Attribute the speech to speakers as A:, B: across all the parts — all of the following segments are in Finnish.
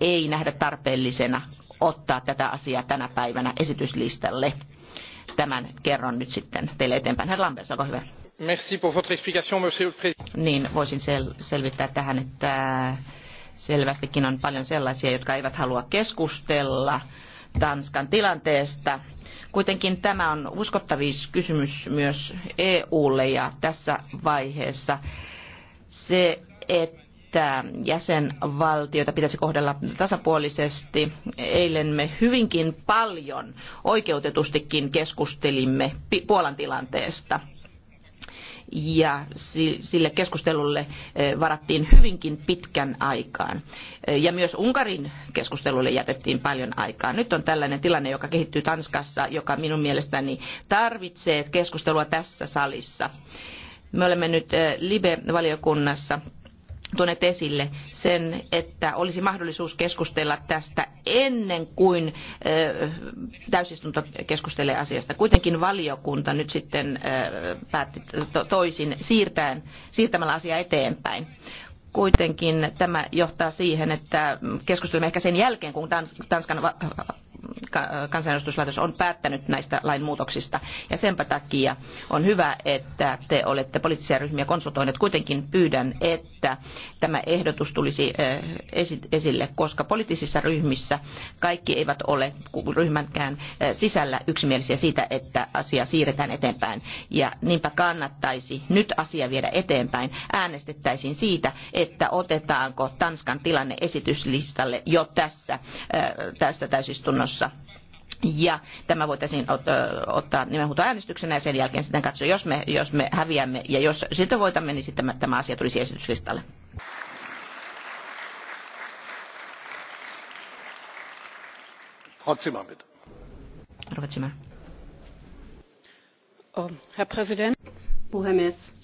A: ei nähdä tarpeellisena ottaa tätä asiaa tänä päivänä esityslistalle. Tämän kerron nyt sitten teille eteenpäin. Herra Lambers, olkaa hyvä.
B: Merci pour votre explication, monsieur le président.
A: Niin, voisin sel- selvittää tähän, että selvästikin on paljon sellaisia, jotka eivät halua keskustella Tanskan tilanteesta. Kuitenkin tämä on uskottavis kysymys myös EUlle ja tässä vaiheessa se, että että jäsenvaltioita pitäisi kohdella tasapuolisesti. Eilen me hyvinkin paljon oikeutetustikin keskustelimme Puolan tilanteesta ja sille keskustelulle eh, varattiin hyvinkin pitkän aikaan. Eh, ja myös Unkarin keskustelulle jätettiin paljon aikaa. Nyt on tällainen tilanne, joka kehittyy Tanskassa, joka minun mielestäni tarvitsee keskustelua tässä salissa. Me olemme nyt eh, Libe-valiokunnassa tuoneet esille sen, että olisi mahdollisuus keskustella tästä ennen kuin täysistunto keskustelee asiasta. Kuitenkin valiokunta nyt sitten päätti toisin siirtäen, siirtämällä asiaa eteenpäin. Kuitenkin tämä johtaa siihen, että keskustelemme ehkä sen jälkeen, kun Tanskan kansanedustuslaitos on päättänyt näistä lainmuutoksista. Ja senpä takia on hyvä, että te olette poliittisia ryhmiä konsultoineet. Kuitenkin pyydän, että tämä ehdotus tulisi esille, koska poliittisissa ryhmissä kaikki eivät ole ryhmänkään sisällä yksimielisiä siitä, että asia siirretään eteenpäin. Ja niinpä kannattaisi nyt asia viedä eteenpäin. Äänestettäisiin siitä, että otetaanko Tanskan tilanne esityslistalle jo tässä, tässä täysistunnossa ja tämä voitaisiin ottaa äänestyksenä ja sen jälkeen sitten katsoa, jos me, jos me häviämme ja jos sitten voitamme, niin sitten tämä asia tulisi esityslistalle.
B: Oh, herr puhemies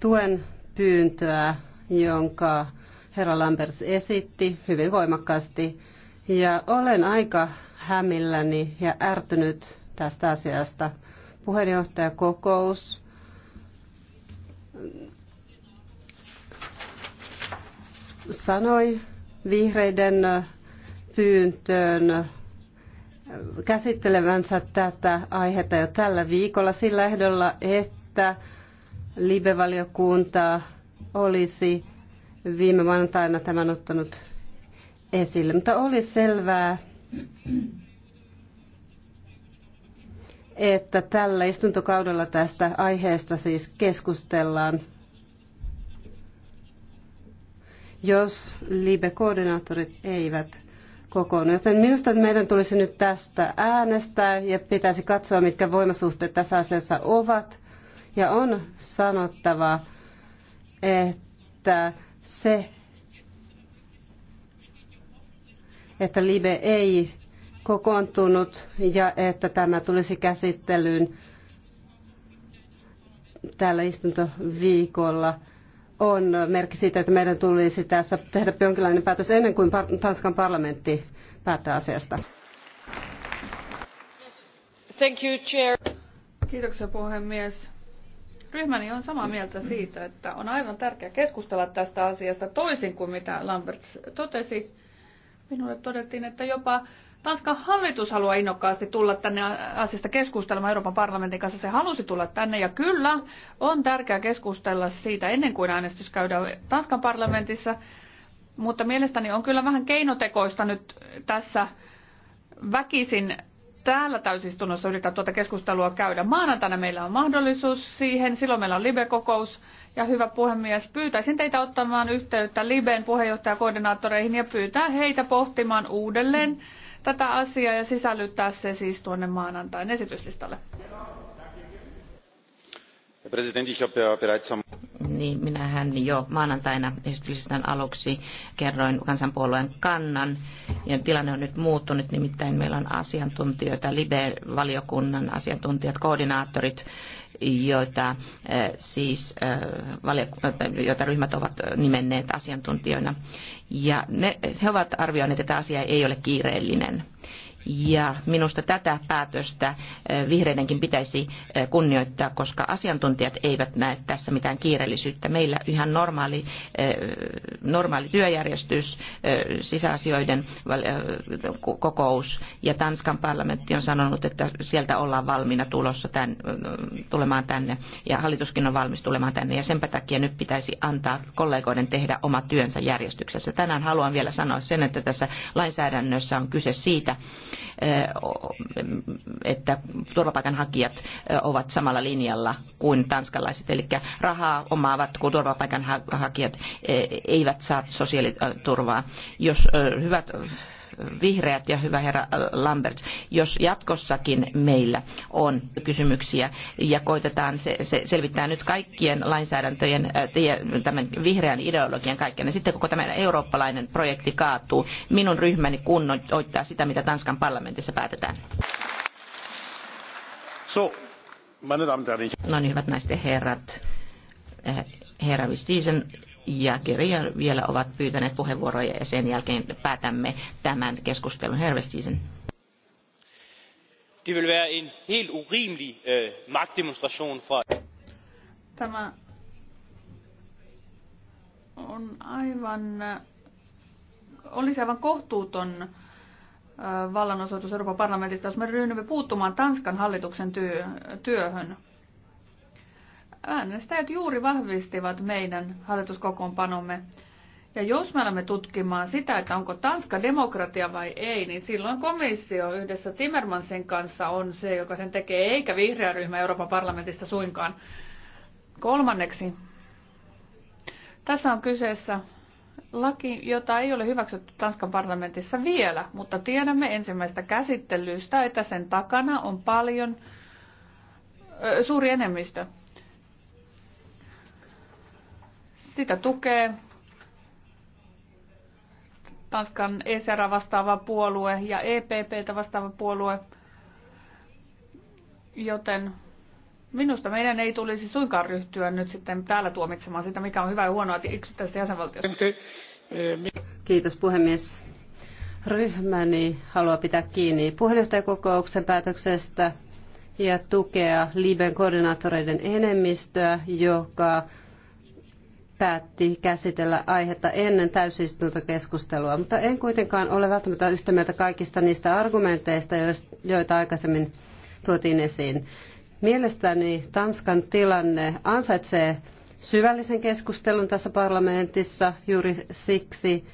B: tuen pyyntöä jonka herra Lambers esitti hyvin voimakkaasti. Ja olen aika hämilläni ja ärtynyt tästä asiasta. Puheenjohtajakokous sanoi vihreiden pyyntöön käsittelevänsä tätä aihetta jo tällä viikolla sillä ehdolla, että libevaliokunta olisi viime maanantaina tämän ottanut esille, mutta oli selvää, että tällä istuntokaudella tästä aiheesta siis keskustellaan. Jos LIBE-koordinaattorit eivät kokoonnu. Joten minusta meidän tulisi nyt tästä äänestää ja pitäisi katsoa, mitkä voimasuhteet tässä asiassa ovat. Ja on sanottava, että se, että Libe ei kokoontunut ja että tämä tulisi käsittelyyn tällä istuntoviikolla on merkki siitä, että meidän tulisi tässä tehdä jonkinlainen päätös ennen kuin Tanskan parlamentti päättää asiasta.
C: Thank you, chair. Kiitoksia puhemies. Ryhmäni on samaa mieltä siitä, että on aivan tärkeää keskustella tästä asiasta toisin kuin mitä Lamberts totesi Minulle todettiin, että jopa Tanskan hallitus haluaa innokkaasti tulla tänne asiasta keskustelemaan Euroopan parlamentin kanssa. Se halusi tulla tänne ja kyllä on tärkeää keskustella siitä ennen kuin äänestys käydään Tanskan parlamentissa. Mutta mielestäni on kyllä vähän keinotekoista nyt tässä väkisin täällä täysistunnossa yrittää tuota keskustelua käydä. Maanantaina meillä on mahdollisuus siihen, silloin meillä on Libe-kokous. Ja hyvä puhemies, pyytäisin teitä ottamaan yhteyttä Liben puheenjohtajakoordinaattoreihin ja pyytää heitä pohtimaan uudelleen tätä asiaa ja sisällyttää se
A: siis tuonne maanantain esityslistalle niin minähän jo maanantaina esitysten aluksi kerroin kansanpuolueen kannan. Ja tilanne on nyt muuttunut, nimittäin meillä on asiantuntijoita, Libe-valiokunnan asiantuntijat, koordinaattorit, joita, eh, siis, eh, joita ryhmät ovat nimenneet asiantuntijoina. Ja ne, he ovat arvioineet, että asia ei ole kiireellinen. Ja minusta tätä päätöstä vihreidenkin pitäisi kunnioittaa, koska asiantuntijat eivät näe tässä mitään kiireellisyyttä. Meillä ihan normaali, normaali työjärjestys, sisäasioiden kokous ja Tanskan parlamentti on sanonut, että sieltä ollaan valmiina tulossa tämän, tulemaan tänne ja hallituskin on valmis tulemaan tänne ja senpä takia nyt pitäisi antaa kollegoiden tehdä oma työnsä järjestyksessä. Tänään haluan vielä sanoa sen, että tässä lainsäädännössä on kyse siitä, että turvapaikanhakijat ovat samalla linjalla kuin tanskalaiset. Eli rahaa omaavat, kun turvapaikanhakijat eivät saa sosiaaliturvaa. Jos hyvät vihreät ja hyvä herra Lambert, jos jatkossakin meillä on kysymyksiä ja koitetaan se, se selvittää nyt kaikkien lainsäädäntöjen, äh, tämän vihreän ideologian kaikkien, niin sitten koko tämä eurooppalainen projekti kaatuu. Minun ryhmäni kunnoittaa sitä, mitä Tanskan parlamentissa päätetään.
C: So, meine Damen und Herren.
A: No niin, hyvät naiset ja herrat. Äh, herra Vistisen ja Kirja vielä ovat pyytäneet puheenvuoroja ja sen jälkeen päätämme tämän keskustelun. Hervestisen.
B: Det en helt øh,
C: Tämä on aivan, olisi aivan kohtuuton vallanosoitus Euroopan parlamentista, jos me ryhdymme puuttumaan Tanskan hallituksen työ, työhön äänestäjät juuri vahvistivat meidän hallituskokoonpanomme. Ja jos me alamme tutkimaan sitä, että onko Tanska demokratia vai ei, niin silloin komissio yhdessä Timmermansin kanssa on se, joka sen tekee, eikä vihreä ryhmä Euroopan parlamentista suinkaan. Kolmanneksi, tässä on kyseessä laki, jota ei ole hyväksytty Tanskan parlamentissa vielä, mutta tiedämme ensimmäistä käsittelystä, että sen takana on paljon suuri enemmistö. Sitä tukee Tanskan ESR vastaava puolue ja EPPtä vastaava puolue. Joten minusta meidän ei tulisi suinkaan ryhtyä
B: nyt sitten täällä tuomitsemaan sitä, mikä on hyvä ja huonoa yksittäisistä jäsenvaltiosta. Kiitos puhemies. Ryhmäni haluaa pitää kiinni puheenjohtajakokouksen päätöksestä ja tukea Liben koordinaattoreiden enemmistöä, joka päätti käsitellä aihetta ennen täysistuntokeskustelua, mutta en kuitenkaan ole välttämättä yhtä mieltä kaikista niistä argumenteista, joita aikaisemmin tuotiin esiin. Mielestäni Tanskan tilanne ansaitsee syvällisen keskustelun tässä parlamentissa juuri siksi,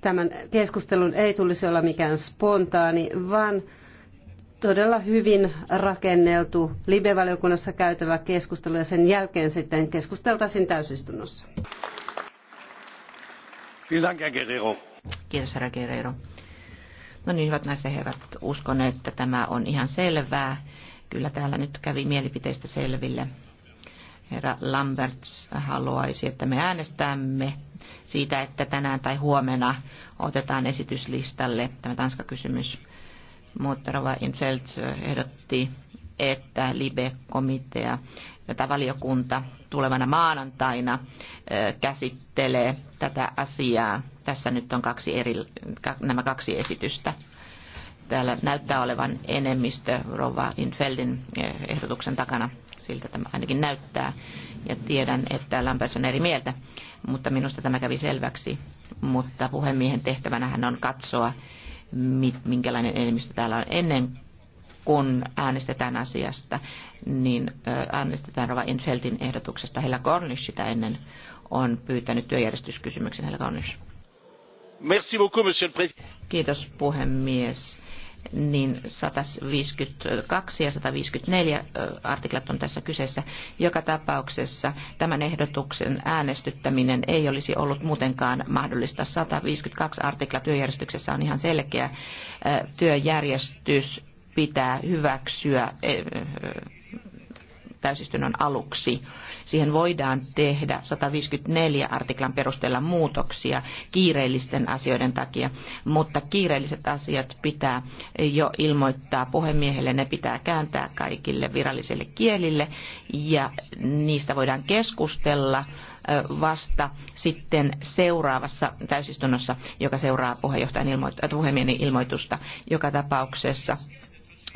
B: tämän keskustelun ei tulisi olla mikään spontaani, vaan todella hyvin rakenneltu live-valiokunnassa käytävä keskustelu ja sen jälkeen sitten keskusteltaisiin täysistunnossa. Kiitos, herra Guerrero. No niin, hyvät naiset ja
A: herrat, uskon, että tämä on ihan selvää. Kyllä täällä nyt kävi mielipiteistä selville. Herra Lamberts haluaisi, että me äänestämme siitä, että tänään tai huomenna otetaan esityslistalle tämä Tanska-kysymys. Muuttarava in seltsö ehdotti, että LIBE-komitea jota valiokunta tulevana maanantaina käsittelee tätä asiaa. Tässä nyt on kaksi eri, nämä kaksi esitystä. Täällä näyttää olevan enemmistö Rova Infeldin ehdotuksen takana. Siltä tämä ainakin näyttää. Ja tiedän, että Lampers on eri mieltä, mutta minusta tämä kävi selväksi. Mutta puhemiehen tehtävänä on katsoa, minkälainen enemmistö täällä on ennen kun äänestetään asiasta, niin äänestetään Rova Infeldin ehdotuksesta. Hella Cornish sitä ennen on pyytänyt työjärjestyskysymyksen. Hella Cornish. Merci beaucoup, monsieur le Kiitos puhemies niin 152 ja 154 artiklat on tässä kyseessä. Joka tapauksessa tämän ehdotuksen äänestyttäminen ei olisi ollut muutenkaan mahdollista. 152 artikla työjärjestyksessä on ihan selkeä työjärjestys pitää hyväksyä täysistunnon aluksi. Siihen voidaan tehdä 154 artiklan perusteella muutoksia kiireellisten asioiden takia, mutta kiireelliset asiat pitää jo ilmoittaa puhemiehelle, ne pitää kääntää kaikille virallisille kielille ja niistä voidaan keskustella vasta sitten seuraavassa täysistunnossa, joka seuraa puheenjohtajan ilmoit- puhemiehen ilmoitusta joka tapauksessa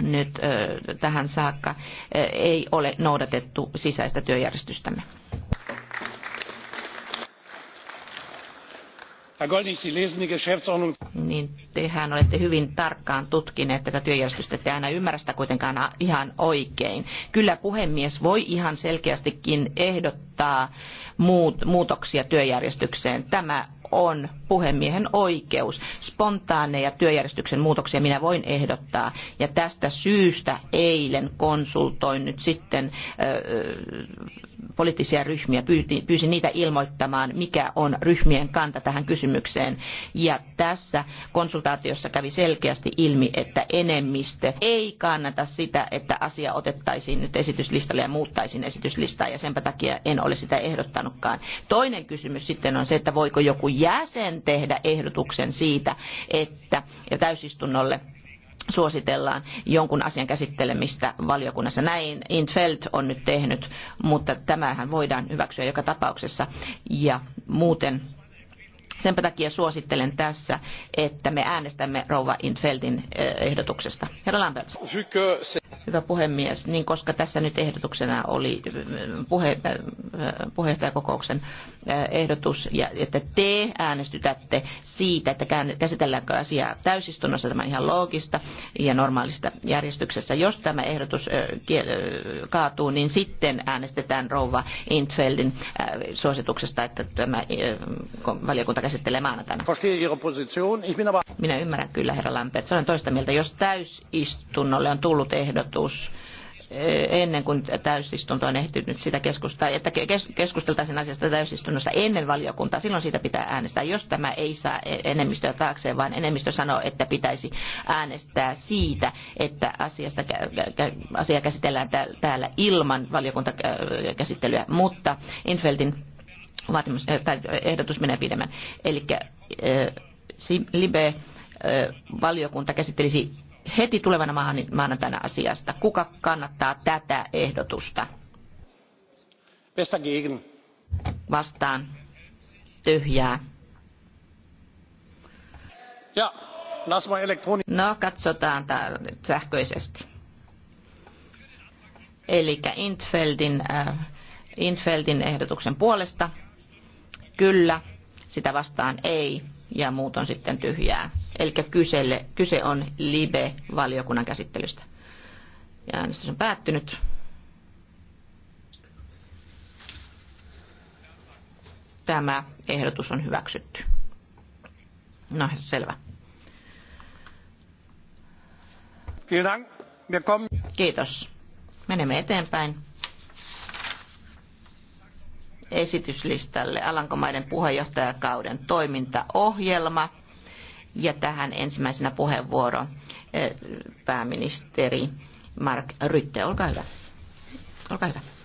A: nyt tähän saakka ei ole noudatettu sisäistä työjärjestystämme. Niin tehän olette hyvin tarkkaan tutkineet tätä työjärjestystä, ettei aina ymmärrä sitä kuitenkaan ihan oikein. Kyllä puhemies voi ihan selkeästikin ehdottaa muutoksia työjärjestykseen. Tämä on puhemiehen oikeus. Spontaaneja työjärjestyksen muutoksia minä voin ehdottaa. Ja tästä syystä eilen konsultoin nyt sitten poliittisia ryhmiä, pyysin niitä ilmoittamaan, mikä on ryhmien kanta tähän kysymykseen. Ja tässä konsultaatiossa kävi selkeästi ilmi, että enemmistö ei kannata sitä, että asia otettaisiin nyt esityslistalle ja muuttaisiin esityslistaa, ja senpä takia en ole sitä ehdottanutkaan. Toinen kysymys sitten on se, että voiko joku jäsen tehdä ehdotuksen siitä, että täysistunnolle suositellaan jonkun asian käsittelemistä valiokunnassa. Näin Intfeld on nyt tehnyt, mutta tämähän voidaan hyväksyä joka tapauksessa. Ja muuten sen takia suosittelen tässä, että me äänestämme Rouva Intfeldin eh, ehdotuksesta. Herra Lamberts. Hyvä puhemies, niin koska tässä nyt ehdotuksena oli eh, puhe, eh, puheenjohtajakokouksen ehdotus, ja että te äänestytätte siitä, että käsitelläänkö asiaa täysistunnossa, tämä on ihan loogista ja normaalista järjestyksessä. Jos tämä ehdotus kaatuu, niin sitten äänestetään Rouva Intfeldin suosituksesta, että tämä valiokunta käsittelee maanantaina. Minä ymmärrän kyllä, herra Lambert. Olen toista mieltä. Jos täysistunnolle on tullut ehdotus, eh, ennen kuin täysistunto on ehtinyt sitä keskustaa, että keskusteltaisiin asiasta täysistunnossa ennen valiokuntaa, silloin siitä pitää äänestää. Jos tämä ei saa e- enemmistöä taakseen, vaan enemmistö sanoo, että pitäisi äänestää siitä, että asiasta, asia käsitellään täällä ilman valiokuntakäsittelyä. Mutta Infeldin vaatimus, eh, tai eh, ehdotus menee pidemmän. Eli eh, Libe-valiokunta käsittelisi heti tulevana maanantaina asiasta. Kuka kannattaa tätä ehdotusta? Vestagiin. Vastaan. Tyhjää. Ja, lass mal elektroni- no, katsotaan tää sähköisesti. Eli Intfeldin, äh, Intfeldin ehdotuksen puolesta kyllä, sitä vastaan ei ja muut on sitten tyhjää. Eli kysele, kyse on LIBE-valiokunnan käsittelystä. Ja äänestys on päättynyt. Tämä ehdotus on hyväksytty. No, selvä. Kiitos. Menemme eteenpäin esityslistalle Alankomaiden puheenjohtajakauden toimintaohjelma. Ja tähän ensimmäisenä puheenvuoro eh, pääministeri Mark Rytte. Olkaa hyvä. Olkaa hyvä.